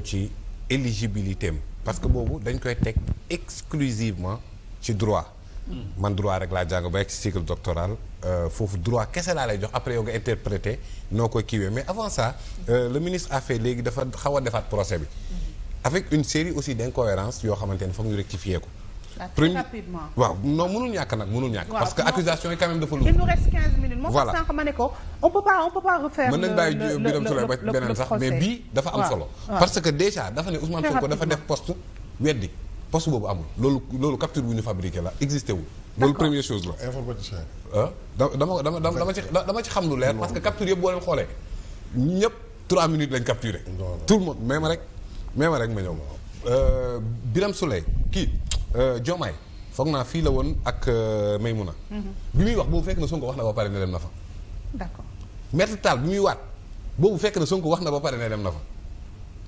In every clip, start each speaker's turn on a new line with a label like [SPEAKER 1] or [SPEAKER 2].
[SPEAKER 1] ñëw ci éligibilité am parce que boobu dañ koy teg exclusivement ci droit man droit rek laa jàng ba ci cycle doctoral euh, foofu droit kese laa lay jox après yow nga interpréter noo koy kiiwee mais avant ça euh, le ministre a fait léegi dafa xaw a defaat procès bi avec une série aussi d'incohérences yoo xamante ne foog ñu rectifier ko premier rapidement waaw non mënul ñàkk nag mënul ñàkk. parce que accusation yi quand même dafa lu. il nous minutes. voilà moo tax sànq ne ko on peut pas on peut beneen sax mais bii dafa am solo. parce que déjà dafa ne Ousmane Sonko dafa def poste weddi poste boobu amul loolu loolu capture bu ñu fabriqué la existé wul. loolu première chose la. informaticien ah dama dama dama dama ci xam lu leer. parce que yëpp boo xoolee. ñëpp 3 minutes lañ capturé. tout le monde rek même rek ma ñëw. Euh, Birame Souleye kii. Euh, Diomaye foog naa fii la woon ak euh, Maymouna. Mhm. bi muy wax boobu fekk na Sonko wax na ba pare ne dem na fa. d'accord Maître Tall bi muy waat boobu fekk na Sonko wax na ba pare ne dem na fa.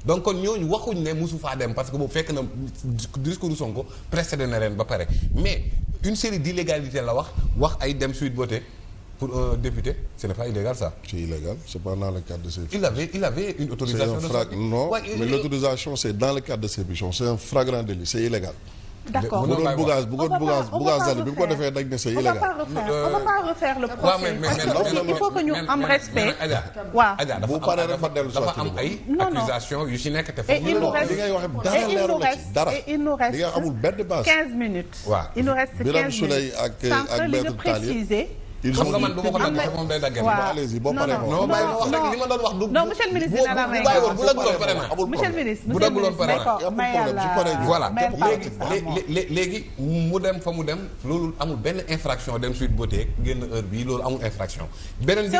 [SPEAKER 1] donc kon ñooñu waxuñ ne mosu faa dem parce que boobu fekk na discours du Sonko précédé na leen ba pare mais une série d'illégalités la wax wax ay dem suite beauté pour un député ce n'est pas illégal ça. c'est illégal c'est pas dans le cadre de ses. il avait il avait une autorisation. c'est un fra non le cadre de ses missions c'est
[SPEAKER 2] d'accord bu doon Bougaz
[SPEAKER 1] bu doon Bougaz Bougazali bi mu ko defee dañ ne c'est illégal. Euh, on va pas refaire le procès parce que il faut que ñu am respect. waaw bu paree rek fa dellu dafa am ay accusations yu si nekk te fa. il nous reste et il nous reste 15 minutes. waaw il nous reste 15 minutes. Birame Souleye ak ak Maître Talla préciser. ils ont man bu ma ko daggee moom day daggee. Ah, waaw non non non non non ma doon wax du. non monsieur le ministre dina la may bu bu dagguloon vraiment. monsieur le ministre bu dagguloon vraiment voilà léegi léegi mu dem fa mu dem loolu amul benn infraction dem suite beauté génn heure bii loolu amul infraction. beneen bi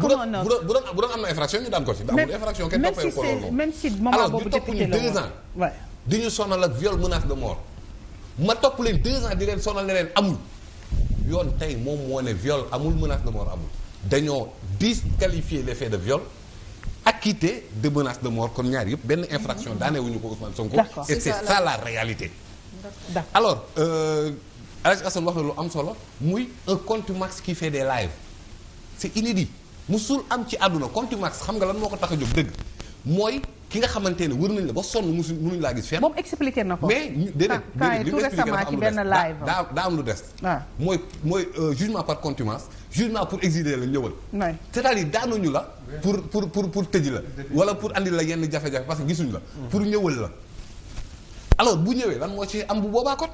[SPEAKER 1] bu doon bu doon bu doon am na infraction ñu daan ko si. amul infraction kenn toppee ko loolu même si moment boobu député la alors ñu topp ñu deux ans. di ñu sonal ak viol menace de mort ma topp leen deux ans di leen sonal ne leen amul yoon tey moom moo ne viole amul menace de mort amul dañoo disqualifier l'effet de viol acquitté de menace de mort kon ñaar yëpp benn infraction daanee wuñu ko Ousmane Sonko et c'est ça la réalité alors euh, Alhaji Assane wax na lu am solo muy un contumax qui fait des lives c'est inédit musul am ci àdduna contumax xam nga lan moo ko tax a jóg dëgg mooy ki nga xamante ne wër nañ la ba sonn musu mënuñ laa gis fenn. moom expliqué na ko mais déedéet ah, déedéet li mu expliqué dafa am lu des daa am lu des. waaw ah. mooy mooy euh, jugement par contumace jugement pour exiler la ñëwal. waay c'est-à-dire daanuñu la. pour pour pour pour tëj la. wala pour andi la yenn jafe-jafe parce que gisuñu la. Mm. pour ñëwal la. alors bu ñëwee lan moo ci am bu boobaa kon.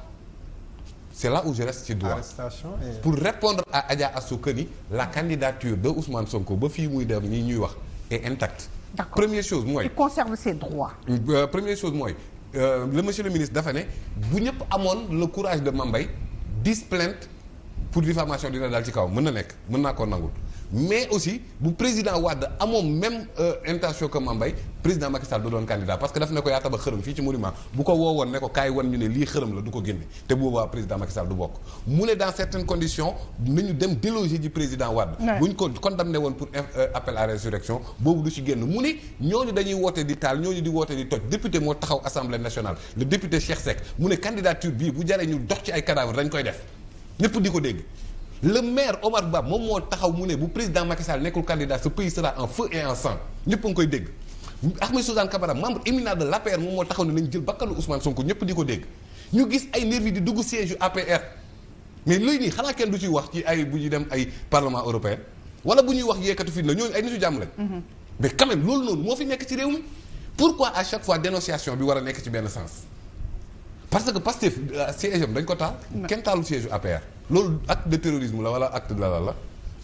[SPEAKER 1] c'est là où je reste ci droit et... pour répondre à Adja Astou que ni la candidature de Ousmane Sonko ba fii muy dem nii ñuy wax est intacte d'accord première chose mooy. il conserve ses droits. Euh, première chose mooy euh, le monsieur le ministre dafa ne bu ñëpp amoon le courage de Mambay dix plaintes pour diffamation dina daal ci kaw mën na nekk mën naa koo nangul mais aussi bu président Wade amoon même euh, intention que Mame Mbaye président Macky Sall du doon candidat parce que daf ne ko yaa tabax xërëm fii ci monument bu ko woowoon ne ko kaay wan ñu ne lii xërëm la du ko génne te boobaa président Macky Sall du bokk mu ne dans certaines conditions nañu dem déloger ji président Wade buñ ko condamné woon pour euh, appel à résurrection boobu du ci génn mu ni ñooñu dañuy wootee di taal ñooñu di woote di toj député moo taxaw assemblée nationale le député Cheikh Seck mu ne candidature bu jaree ñu dox ay cadavre dañ koy def ñëpp di ko dégg le maire Omar Ba moom moo taxaw mu ne bu président Macky Sall nekkul candidat ce pays sera en feu et en sang ñëpp a ngi koy dégg. Ahmed Suzanne Camara membre éminent de l'APR moom moo taxaw ne nañ jël bakkanu Ousmane Sonko ñëpp di ko dégg ñu gis ay nervi di dugg siège yu APR mais léegi nii xanaa kenn du ciy wax ci ay bu ñu dem ay parlement européen wala bu ñuy wax yeekatu fi na ñooñu ay nitu jàmm lañ. Mhm. mais quand même loolu noonu moo fi nekk ci réew mi pourquoi à chaque fois dénonciation bi war a benn sens parce que Pastef euh, siège am loolu acte de terrorisme la wala acte de la la la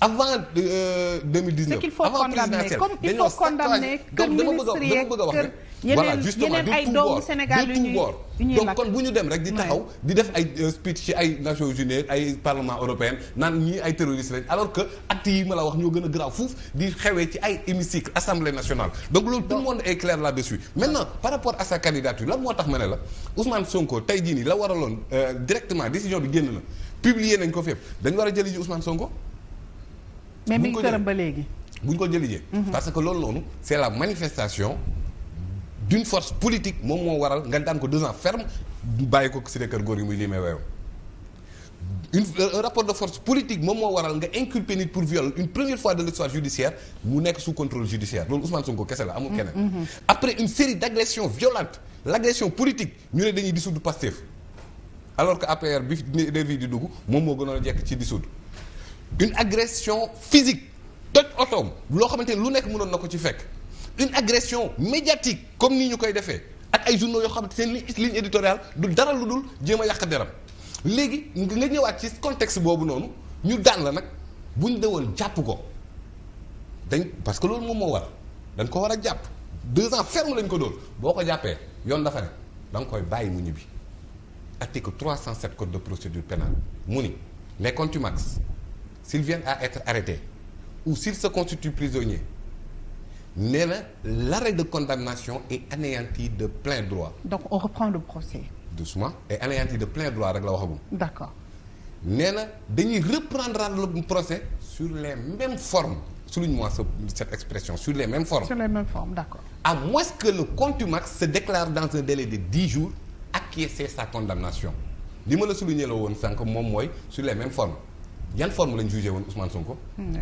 [SPEAKER 1] avant euh, deux mille dix neuf. avant présidentielle dañoo saccager comme il faut condamner kër ministre yeeg kër yeneen yeneen ay doomu Sénégal yu ñuy ñuy donc kon bu ñu dem rek di taxaw di def ay euh, speech ci ay Nations Unies ay parlement européen naan ñii ay terroristes lañ alors que actes yi ma la wax ñoo gën a grave fuuf di xewee ci ay hémicycle assemblée nationale. donc loolu tout le monde est clair là-dessus. maintenant par rapport moo tax ma ne la Ousmane Sonko tey jii nii la waraloon euh, directement décision bi génn na. publier nañ ko fépp dañ war a jëli ji Ousmane Sonko. mais mi bu ñu ko jëli jee mhm. parce que loolu noonu c'est la manifestation d'une force politique moom moo waral nga daan ko deux ans ferme bàyyi ko si kër góor yi muy lii may weyoo une rapport de force politique moom moo waral nga inculper nit pour viol une première fois de l'histoire judiciaire mu nekk sous contrôle judiciaire loolu Ousmane Sonko kese la amul mhm, keneen mhm. après une série d'agressions violentes ñu ne dañuy alors que APR bi nervi di dugg moom moo gënoon a jekk ci dissoudre une agression physique toj otoom loo xamante ni lu nekk mënoon na ko ci fekk une agression médiatique comme nii ñu koy defee ak ay journaux yoo xamante seen ligne éditoriale du dara lu dul jéem a yàq deram léegi nga ñëwaat ci contexte boobu noonu ñu daan la nag bu ñu dewoon jàpp ko dañ parce que loolu moom moo war dañ ko war a jàpp deux ans ferme lañ ko doon boo ko jàppee yoon dafa ne da bàyyi mu ñibbi. article 307 code de procédure pénale mu ni les contumax s'ils viennent à être arrêtés ou s'ils se constituent prisonniers nee na l'arrêt de condamnation est anéanti de plein droit. donc on reprend le procès. doucement est anéanti de plein droit rek la waxagum. d'accord nee na dañuy reprendre le procès sur les mêmes formes souligne-moi cette expression sur les mêmes formes. sur les mêmes formes d'accord. à moins que le contumax se déclare dans un délai de dix jours. ak acquiescer sa condamnation li ma la souligner la woon sànq moom mooy su les mêmes formes yan forme lañ jugé woon Ousmane Sonko. Hmm,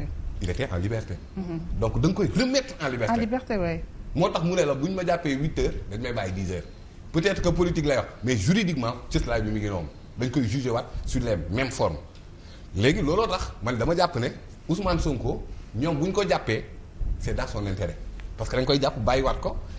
[SPEAKER 1] il était en liberté. Hmm. donc da nga koy remettre en liberté en moo tax mu ne la bu ñu ma jàppee huit heures dañ may bàyyi dix heures peut-être que politique lay wax mais juridiquement cëslaay bi mu ngi noonu dañ koy jugé waat su les mêmes formes léegi looloo tax man dama jàpp ne Ousmane Sonko ñoom bu ñu ko jàppee c'est dans son intérêt parce que dañ koy jàpp bàyyiwaat ko.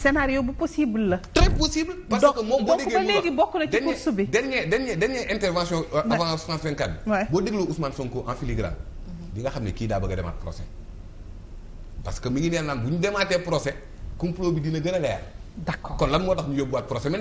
[SPEAKER 1] scénario bu possible la. très possible. parce que moom boo déggee donc ba dernier dernier intervention. Euh, avant 124 bi. boo dégloo Ousmane Sonko en filigrane. di nga xam ne kii daa bëgg a demaat procès. parce que mi ngi nee naan bu ñu demaatee procès complot bi dina gën a leer. d'accord kon lan moo tax ñu yóbbuwaat procès